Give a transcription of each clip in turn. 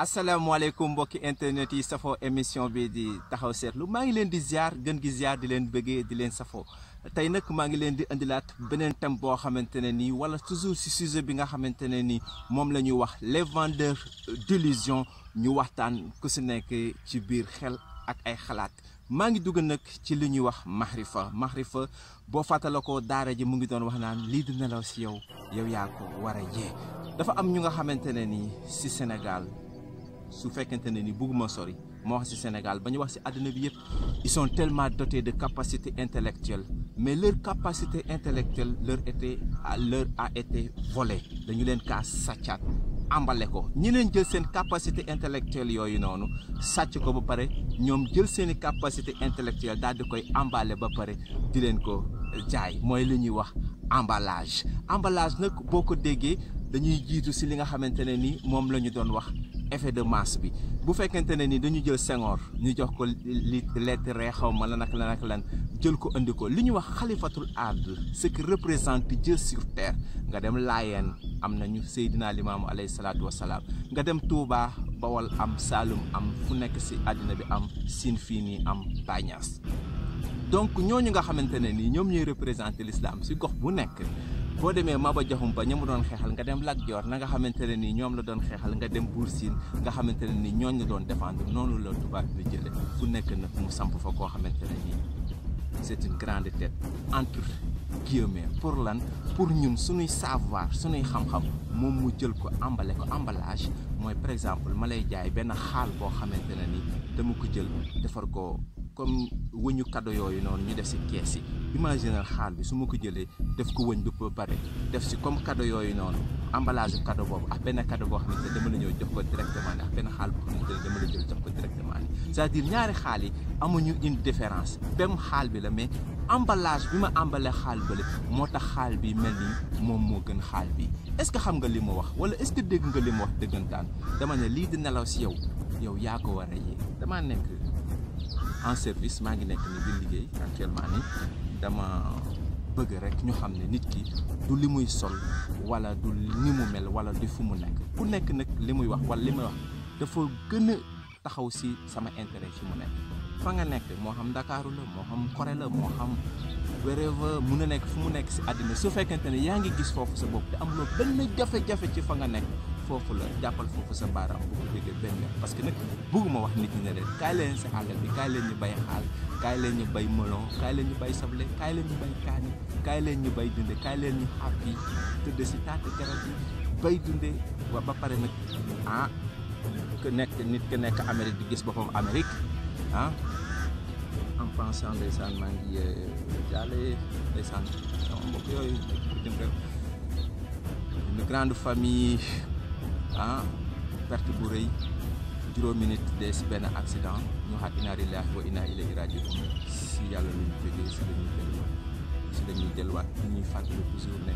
asalaamaaleykum mbokki internet yi safoo émission bi di taxaw seetlu maa ngi leen di ziar gën gi ziar di leen bëggee di leen safoo tey nag maa ngi leen di indilaat beneen thème boo xamante ne nii wala toujours ci sujet bi nga xamante ne nii moom la ñuy wax les vendeurs d'illusion ñu waxtaan ku si nekk ci biir xel ak ay xalaat maa ngi dugg nag ci li ñuy wax maxrifa maxrifa boo fàttala ko daara ji mu ngi doon wax naan lii dina nelaw si yow yow yaa ko war a dafa am ñu nga xamante ne nii si Sénégal su fekkente ne ni bugguma sori ma wax ci Sénégal ba ñu wax ci àddina bi yëpp ison sont tellement dotés de capacité intellectuelle mais leur capacité intellectuelle été était leur a été volée dañu leen kaa sàccaat ambale ko ñi leen jël seen capacité intellectuelle yooyu noonu sàcc ko ba pare ñoom jël seeni capacité intellectuelle daal di koy ambale ba pare di leen ko jaay mooy li ñuy wax emballage emballage nag boo ko déggee dañuy jiitu ci li nga xamante ne ni moom la ñu doon wax effet de masse bi bu fekkente ne ni dañu jël Senghor ñu jox ko li lettre xaw ma la ak la ak lan jël ko indi ko li ñu wax xalifatul ard ce qui représente Dieu sur nga dem Laayeen am nañu Seydina Limaamu alayhi salaatu wasalaam nga dem Touba Bawol am Saalum am fu nekk si àddina bi am Siin fii nii am Bañaas donc ñooñu nga xamante ne ni ñoom ñooy représenter l'islam si gox bu nekk boo demee ma ba Jaxum Ba ña mu doon xeexal nga dem Lat Joor na nga xamante ne ni ñoom la doon xeexal nga dem Buur Siin nga xamante ne ni ñooñ la doon défendre noonu la tubaab bi jële fu nekk nag mu samp fa koo xamante ne nii c'est une grande tête entre guillemets pour lan pour ñun suñuy savoir suñuy xam-xam moom mu jël ko emballé ko emballage mooy par exemple ma lay jaay benn xaal boo xamante ne ni dama ko jël defar ko comme wëñu cadeau yooyu noonu ñu def si kees yi imaginer xaal bi su ma ko jëlee def ko wëñ bi ba pare def si comme cadeau yooyu noonu emballage bu boobu ak benn cadeau boo xam ne dama la ñëw jox ko directement ni ak benn xaal boo xamante ne dama la jël jox ko directement ni cest à ñaari xaal yi amuñu une différence même xaal bi la mais emballage bi ma embalee xaal bële moo tax xaal bi mel ni moom moo gën xaal bi est-ce que xam nga li ma wax wala est-ce que dégg nga li ma wax dëggantaan dama lii di nelaw si yow yow yaa ko war a yee damaa nekk en service maa ngi nekk ni bi liggéey actuellement ni dama bëgg rek ñu xam ne nit ki du li muy sol wala du ni mu mel wala du fu mu nekk ku nekk nag li muy wax wala li muy wax dafa gën a taxaw si sama intérêt ci mu nekk fa nga nekk moo xam Ndakaaru la moo xam kore la moo xam wherever mun a nekk fu mu nekk si àddina su fekkente ne yaa ngi gis foofu sa bopp te amuloo benn jafe-jafe ci fa nga nekk foofu la jàppal foofu sa baaraam bu ko benn parce que nag bëgguma wax nit ñi ne leen kaay leen si àll bi kaay leen ñu bay xaal kaay leen ñu bay melon kaay leen ñu bay sable kaay leen ñu bay kaani kaay leen ñu bay dunde kaay leen ñu xàpp yi tëdd si taatu garab yi bay dunde wa ba pare nag ah ku nekk nit ku nekk Amérique di gis boppam Amérique ah en pensant ndeysaan maa ngi euh, jaale ndeysaan sama mbokk yooyu dem réew une grande famille ah perte bu rëy juróomi nit de si benn accident ñu xaat inna lillahi wa inna ilayhi rajiun si yàlla lu ñu jógee si dañuy delluwaat si dañuy delluwaat ñuy fàttali toujours ne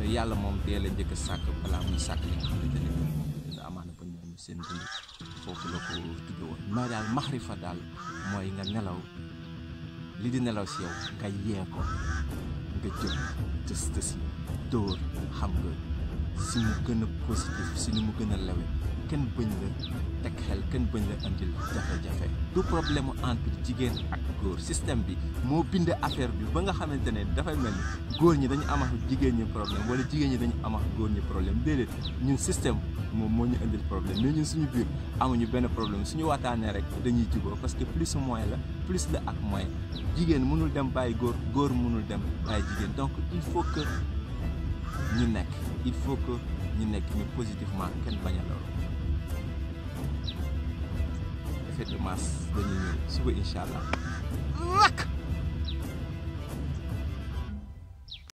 euh, yàlla moom dee la njëkk a sàkk balaa muy sàkk li nga xamante ne moom dina amaana ba ñoom seen dund foofu la ko tudde woon mais daal maxrifa daal mooy nga nelaw li di nelaw si yow nga yee ko nga jëm tës tës yi xam nga si mu gën a positif si ni mu gën a lewe kenn bañ la teg xel kenn bañ la andil jafe-jafe du problème mu entre jigéen ak góor système bi moo bind affaire bi ba nga xamante ne dafay mel ni góor ñi dañu amax jigéen ñi problème wala jigéen ñi dañu amax góor ñi problème déedéet ñun système moom moo ñu andil problème mais ñun suñu biir amuñu benn problème suñu waxtaanee rek dañuy juboo parce que plus moyen la plus la ak moyen jigéen mënul dem bàyyi góor góor mënul dem ñu nekk il faut que ñu nekk ñu positivement kenn bañ a loolu effet de masse dañuy ñëw suba incha allah.